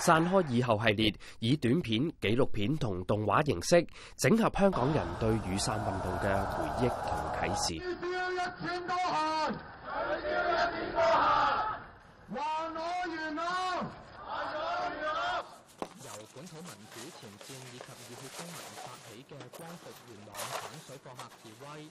傘開以後系列，以短片、紀錄片同動畫形式整合香港人對雨傘運動嘅回憶同啟示。燒一千多下，再燒一千多下，還我元朗，還我元朗！由本土民主前線以及熱血公民發起嘅光復元朗反水貨客示威，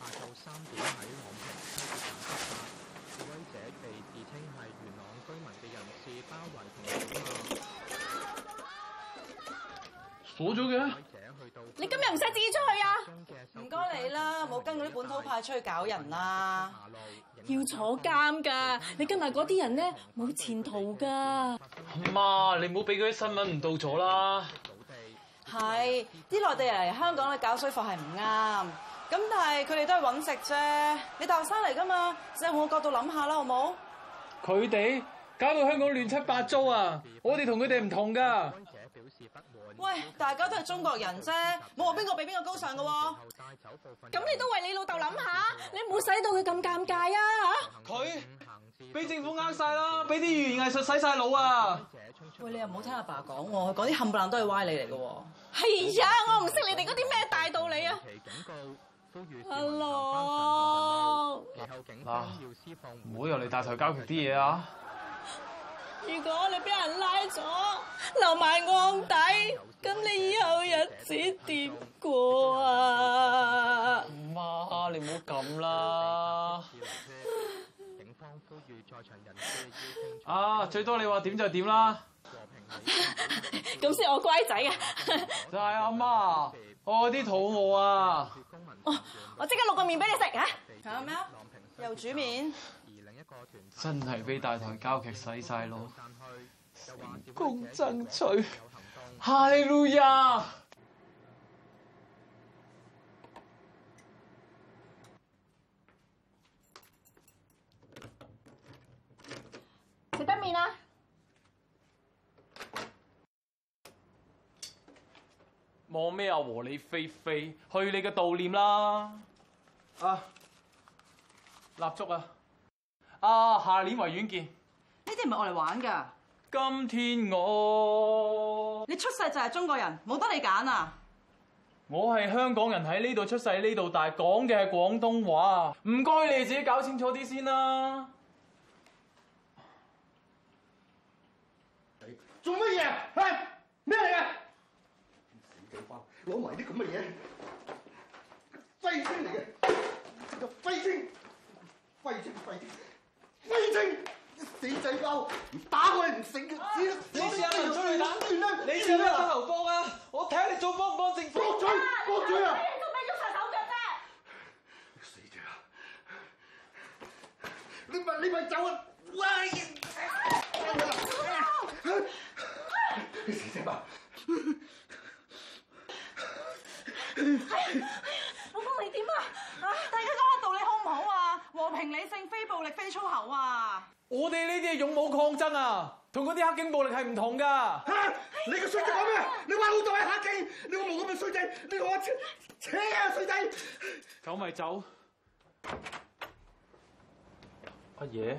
下晝三點喺朗屏。示威者被自稱係元朗居民嘅人士包圍同鎖啊！鎖咗嘅？你今日唔使自己出去啊！唔該你啦，冇跟嗰啲本土派出去搞人啦，要坐監㗎！你跟埋嗰啲人咧，冇前途㗎！媽，你唔好俾佢啲新聞唔到咗啦！係，啲內地人嚟香港咧搞水貨係唔啱。咁但係佢哋都係揾食啫，你大學生嚟噶嘛？即係我個角度諗下啦，好冇？佢哋搞到香港亂七八糟啊！我哋同佢哋唔同㗎。喂，大家都係中國人啫，冇話邊個比邊個高尚嘅喎。咁你都為你老豆諗下，你唔好使到佢咁尷尬啊！嚇，佢俾政府呃曬啦，俾啲語言藝術洗曬腦啊！喂，你又唔好聽阿爸講喎，講啲冚唪唥都係歪理嚟嘅喎。係啊，我唔識你哋嗰啲咩大道理啊！Hello，阿龍，嗱，唔好又嚟大頭交涉啲嘢啊！啊，如果你俾人拉咗，留埋案底，咁你以後日子點過啊？唔，啊，你唔好咁啦！ 啊，最多你話點就點啦！咁先 我乖仔、 哦、啊，就係阿媽，我啲肚餓啊！我我即刻碌個麵俾你食啊。仲有咩？又煮麵， 真係俾大台膠劇洗晒腦，成功爭取，哈利路亞，食 得麵啦！望咩啊？和你飛飛去你嘅悼念啦！啊，蠟燭啊！啊，下年維園見。呢啲唔係我嚟玩㗎。今天我你出世就係中國人，冇得你揀啊！我係香港人喺呢度出世呢度大，講嘅係廣東話。唔該，你自己搞清楚啲先啦，啊。做乜嘢？咩嚟嘅？哎攞埋啲咁嘅嘢，廢青嚟嘅，叫廢青，廢青，廢青，死仔包，打佢唔醒，你你你出嚟打，你算乜嘢流氓啊？我睇下你仲幫唔幫正，閉嘴，閉嘴啊！做咩喐曬手腳啫？死仔你咪你咪走啊！喂！死仔啊！係，老公、哎哎，你點啊？啊，大家講下道理好唔好啊？和平理性，非暴力，非粗口啊！我哋呢啲係勇武抗爭啊，同嗰啲黑警暴力係唔同噶。哎、呀你個衰仔講咩？哎、呀你話老豆係黑警，你個毛咁嘅衰仔，你同我扯啊衰仔？走咪走，阿爺。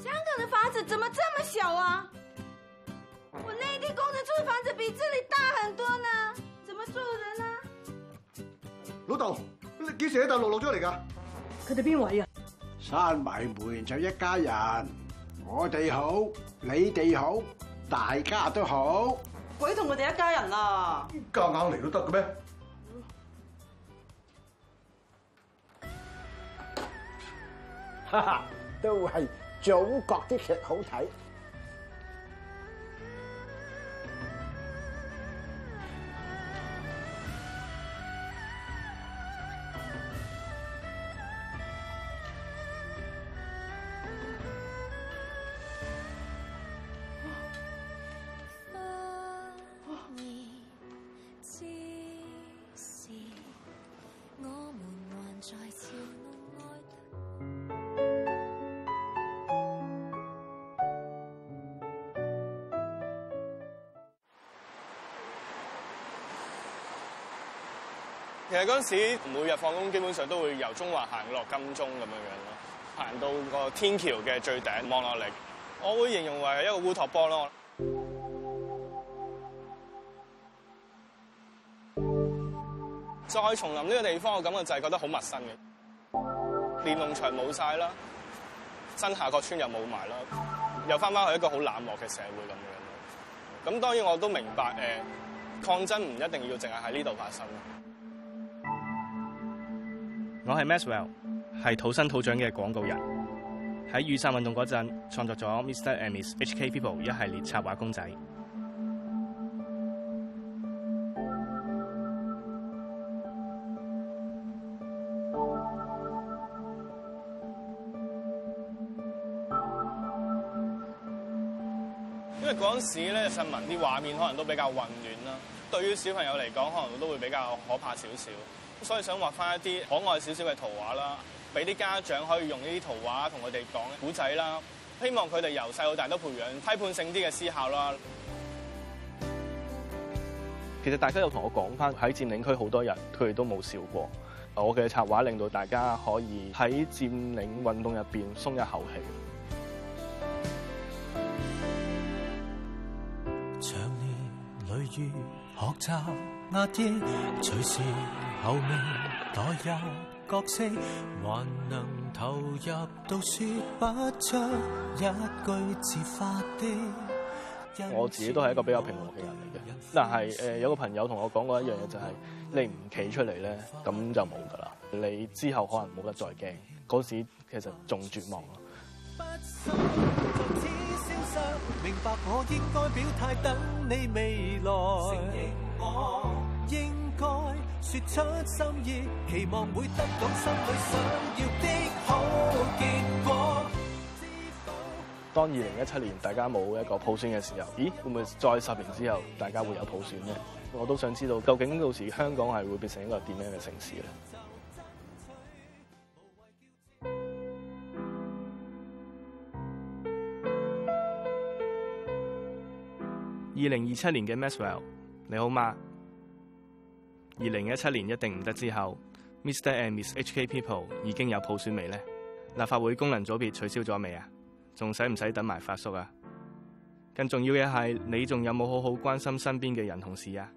香港的法子怎麼這麼小啊？我內地工人住的房子比這裏大很多呢，怎麼住人呢？老豆，你幾時喺大陸落咗嚟噶？佢哋邊位啊？閂埋門就一家人，我哋好，你哋好，大家都好。鬼同佢哋一家人啊！夾硬嚟都得嘅咩？哈哈，都係祖國的劇好睇。再其實嗰陣時，每日放工，基本上都會由中環行落金鐘咁樣樣咯，行到個天橋嘅最頂望落嚟，我會形容為一個烏托邦咯。再叢林呢個地方我感覺就係覺得好陌生嘅，連農場冇晒啦，新下個村又冇埋啦，又返返去一個好冷漠嘅社會咁樣。咁當然我都明白誒、呃，抗爭唔一定要淨係喺呢度發生。我係 Maswell，係土生土長嘅廣告人，喺雨傘運動嗰陣創作咗 Mr. and Miss HK People 一系列插畫公仔。市咧，新聞啲畫面可能都比較混亂啦。對於小朋友嚟講，可能都會比較可怕少少，所以想畫翻一啲可愛少少嘅圖畫啦，俾啲家長可以用呢啲圖畫同佢哋講古仔啦。希望佢哋由細到大都培養批判性啲嘅思考啦。其實大家有同我講翻喺佔領區好多人，佢哋都冇笑過。我嘅插畫令到大家可以喺佔領運動入邊鬆一口氣。我自己都係一個比較平和嘅人嚟嘅，但係誒、呃、有個朋友同我講過一樣嘢就係、是，你唔企出嚟咧，咁就冇噶啦，你之後可能冇得再驚，嗰時其實仲絕望咯。嗯嗯明白我應該表態等你未來，承認我應該說出心意，期望會得到心裏想要的好結果。當二零一七年大家冇一個普選嘅時候，咦，會唔會再十年之後大家會有普選呢？我都想知道究竟到時香港係會變成一個點樣嘅城市咧？二零二七年嘅 Maswell 你好嗎？二零一七年一定唔得之後，Mr. and Miss HK People 已經有普選未呢？立法會功能組別取消咗未啊？仲使唔使等埋發叔啊？更重要嘅係，你仲有冇好好關心身邊嘅人同事啊？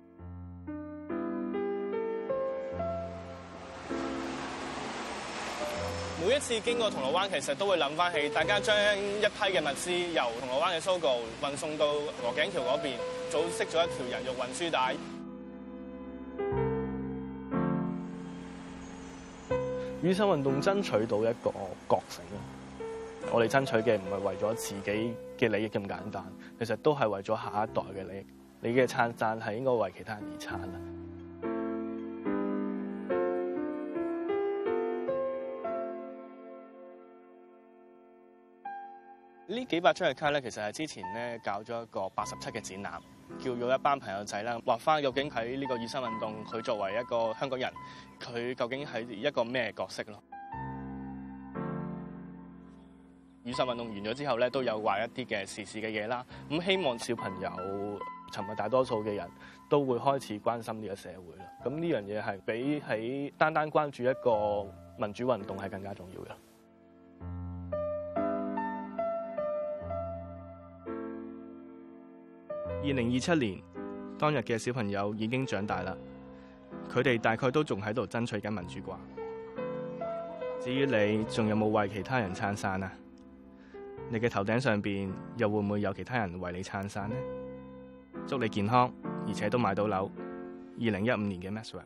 每一次經過銅鑼灣，其實都會諗翻起大家將一批嘅物資由銅鑼灣嘅 Sogo 運送到鵝頸橋嗰邊，組織咗一條人肉運輸帶。雨傘運動爭取到一個覺醒，我哋爭取嘅唔係為咗自己嘅利益咁簡單，其實都係為咗下一代嘅利益。你嘅撐傘係應該為其他人而撐。幾百張嘅卡咧，其實係之前咧搞咗一個八十七嘅展覽，叫咗一班朋友仔啦，畫翻究竟喺呢個雨傘運動，佢作為一個香港人，佢究竟係一個咩角色咯。雨傘運動完咗之後咧，都有話一啲嘅時事嘅嘢啦。咁希望小朋友，尋日大多數嘅人都會開始關心呢個社會啦。咁呢樣嘢係比喺單單關注一個民主運動係更加重要嘅。二零二七年當日嘅小朋友已經長大啦，佢哋大概都仲喺度爭取緊民主啩。至於你，仲有冇為其他人撐傘啊？你嘅頭頂上邊又會唔會有其他人為你撐傘呢？祝你健康，而且都買到樓。二零一五年嘅 Maxwell。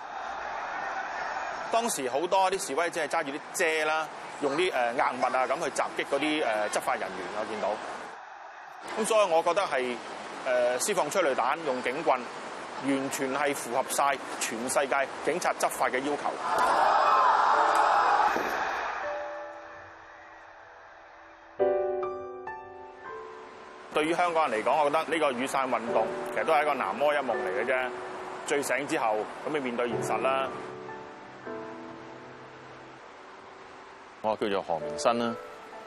當時好多啲示威者係揸住啲遮啦，用啲誒硬物啊咁去襲擊嗰啲誒執法人員，我見到。咁所以我覺得係誒釋放催淚彈、用警棍，完全係符合晒全世界警察執法嘅要求。對於香港人嚟講，我覺得呢個雨傘運動其實都係一個南柯一夢嚟嘅啫，醉醒之後咁你面對現實啦。我叫做何明新啦，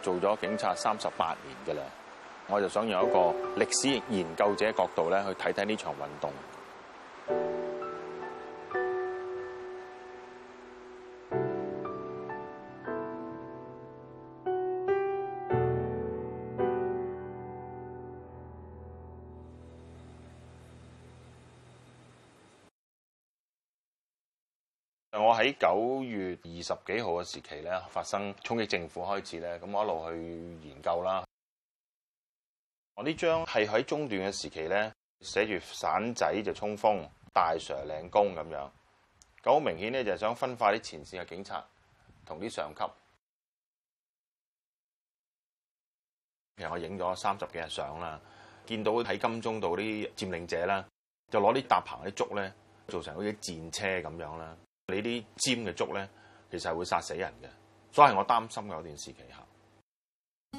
做咗警察三十八年噶啦，我就想用一個歷史研究者角度咧，去睇睇呢場運動。十幾號嘅時期咧，發生衝擊政府開始咧，咁我一路去研究啦。我呢張係喺中段嘅時期咧，寫住散仔就衝鋒，大 Sir 領功咁樣。咁好明顯咧，就係想分化啲前線嘅警察同啲上級。其實我影咗三十幾日相啦，見到喺金鐘度啲佔領者啦，就攞啲搭棚啲竹咧，做成好似戰車咁樣啦。你啲尖嘅竹咧～其實會殺死人嘅，所以係我擔心有段時期嚇。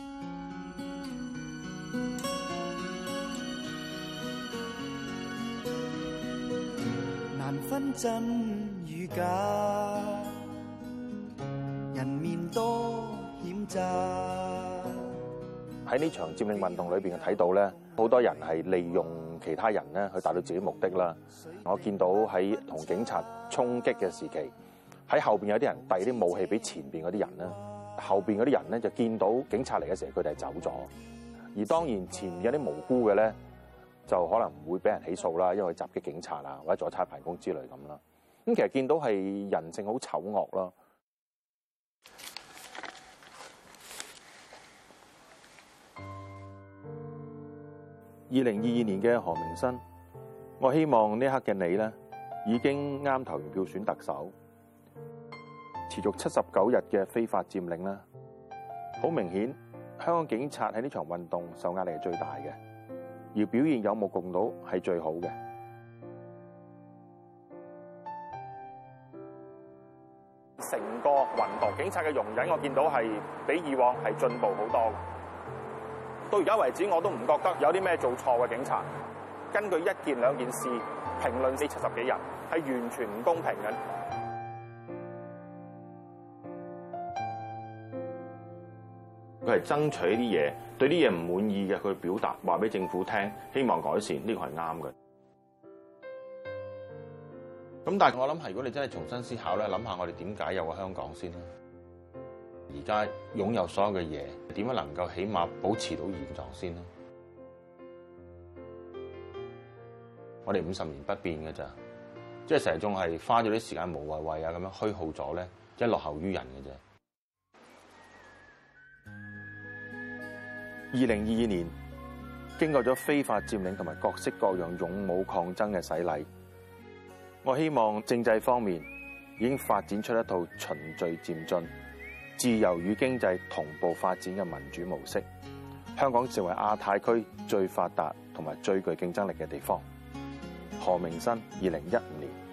難分真與假，人面多險詐。喺呢場佔領運動裏邊，睇到咧好多人係利用其他人咧去達到自己目的啦。我見到喺同警察衝擊嘅時期。喺後邊有啲人遞啲武器俾前邊嗰啲人咧，後邊嗰啲人咧就見到警察嚟嘅時候，佢哋係走咗。而當然前面有啲無辜嘅咧，就可能唔會俾人起訴啦，因為佢襲擊警察啊，或者阻差辦公之類咁啦。咁其實見到係人性好醜惡咯。二零二二年嘅何明新，我希望呢刻嘅你咧已經啱投完票選特首。持續七十九日嘅非法佔領啦，好明顯香港警察喺呢場運動受壓力係最大嘅，而表現有目共睹係最好嘅。成個雲港警察嘅容忍，我見到係比以往係進步好多。到而家為止，我都唔覺得有啲咩做錯嘅警察。根據一件兩件事評論死七十幾人，係完全唔公平嘅。佢係爭取啲嘢，對啲嘢唔滿意嘅，佢去表達話俾政府聽，希望改善呢個係啱嘅。咁但係我諗係如果你真係重新思考咧，諗下我哋點解有個香港先啦？而家擁有所有嘅嘢，點樣能夠起碼保持到現狀先啦？我哋五十年不變嘅咋，即係成日仲係花咗啲時間無謂謂啊，咁樣虛耗咗咧，即係落後於人嘅啫。二零二二年，經過咗非法佔領同埋各式各樣勇武抗爭嘅洗禮，我希望政制方面已經發展出一套循序漸進、自由與經濟同步發展嘅民主模式。香港成為亞太區最發達同埋最具競爭力嘅地方。何明新，二零一五年。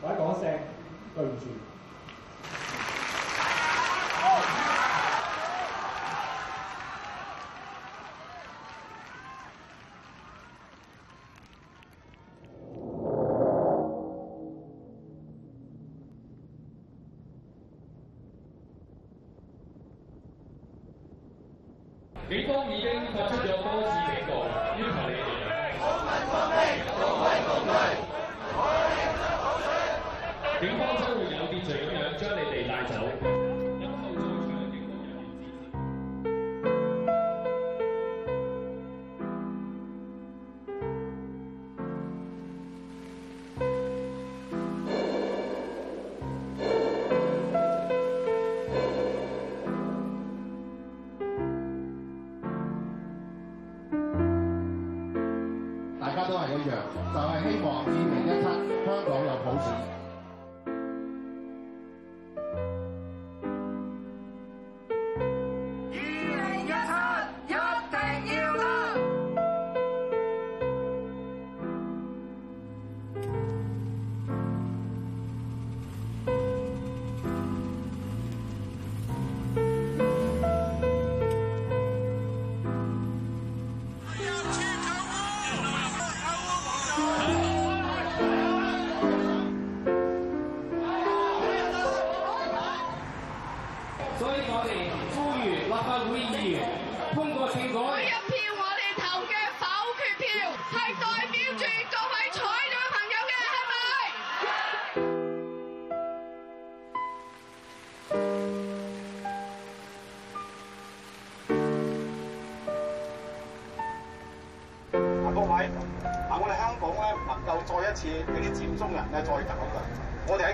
或者講一聲，對唔住。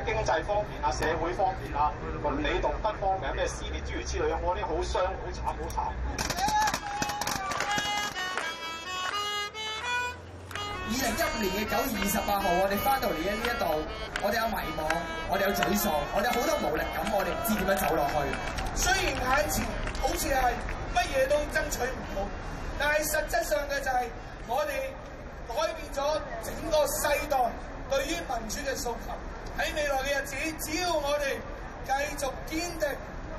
經濟方面、啊，社會方面、啊，倫理道德方面有咩撕裂諸如此類，有冇啲好傷、好慘、好慘？二零一五年嘅九月二十八號，我哋翻到嚟喺呢一度，我哋有迷惘，我哋有沮喪，我哋好多無力感，咁我哋唔知點樣走落去。雖然眼前好似係乜嘢都爭取唔到，但係實質上嘅就係我哋改變咗整個世代對於民主嘅訴求。在未來嘅日子，只要我哋繼續堅定，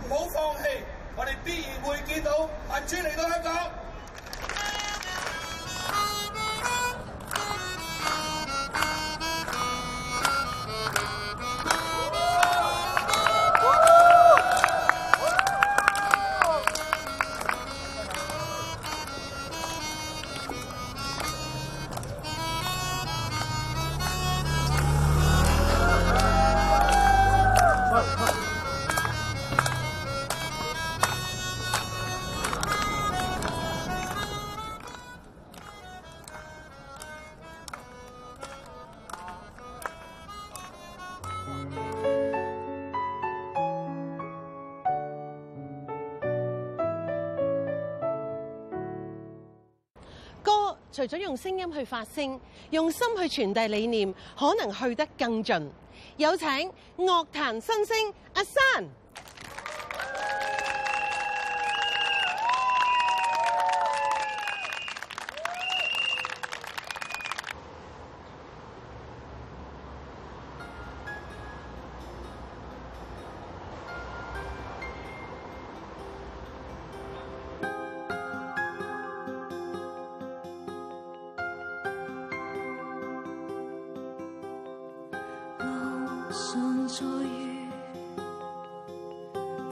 唔好放棄，我哋必然會見到民主嚟到香港。除咗用聲音去發聲，用心去傳遞理念，可能去得更盡。有請樂壇新星阿珊。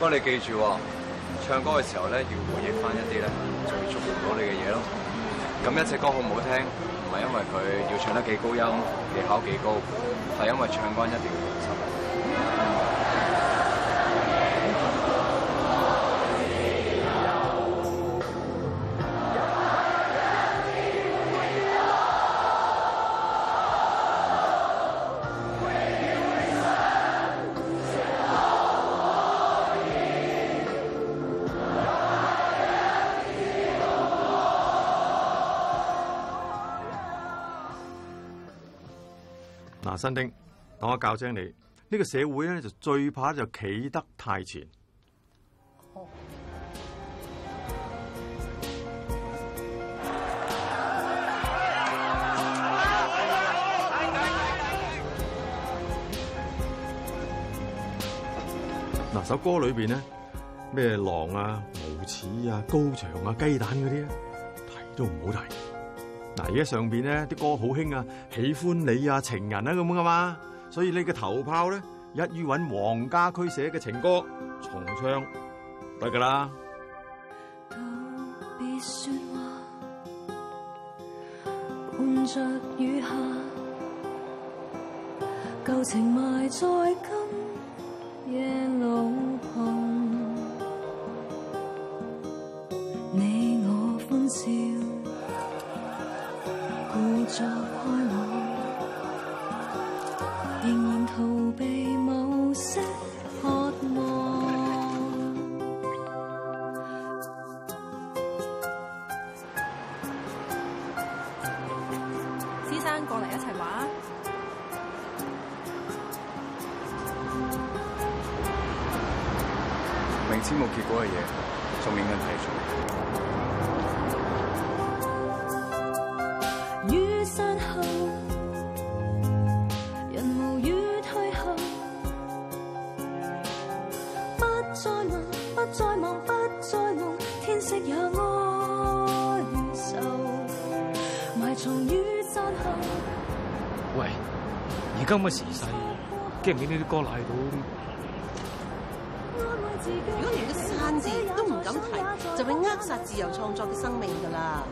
不過你記住，唱歌嘅時候咧，要回憶翻一啲咧最觸動到你嘅嘢咯。咁一隻歌好唔好聽，唔係因為佢要唱得幾高音，技巧幾高，係因為唱歌一定要。新丁，等我教精你呢、呢個社會咧就最怕就企得太前。嗱，首歌裏邊呢，咩狼啊、無恥啊、高牆啊、雞蛋嗰啲啊，提都唔好提。嗱，而家上邊咧啲歌好興啊，喜歡你啊，情人啊咁樣噶嘛，所以你嘅頭炮咧一於揾黃家駒寫嘅情歌重唱得噶啦。伴着雨下舊情埋在今知冇結果嘅嘢，仲勉強睇住。雨散後，人無雨退後，不再問，不再望，不再夢，天色也哀愁。埋藏雨散後。喂，而家咁嘅時勢，驚唔驚呢啲歌賴到？扼殺自由創作嘅生命㗎啦！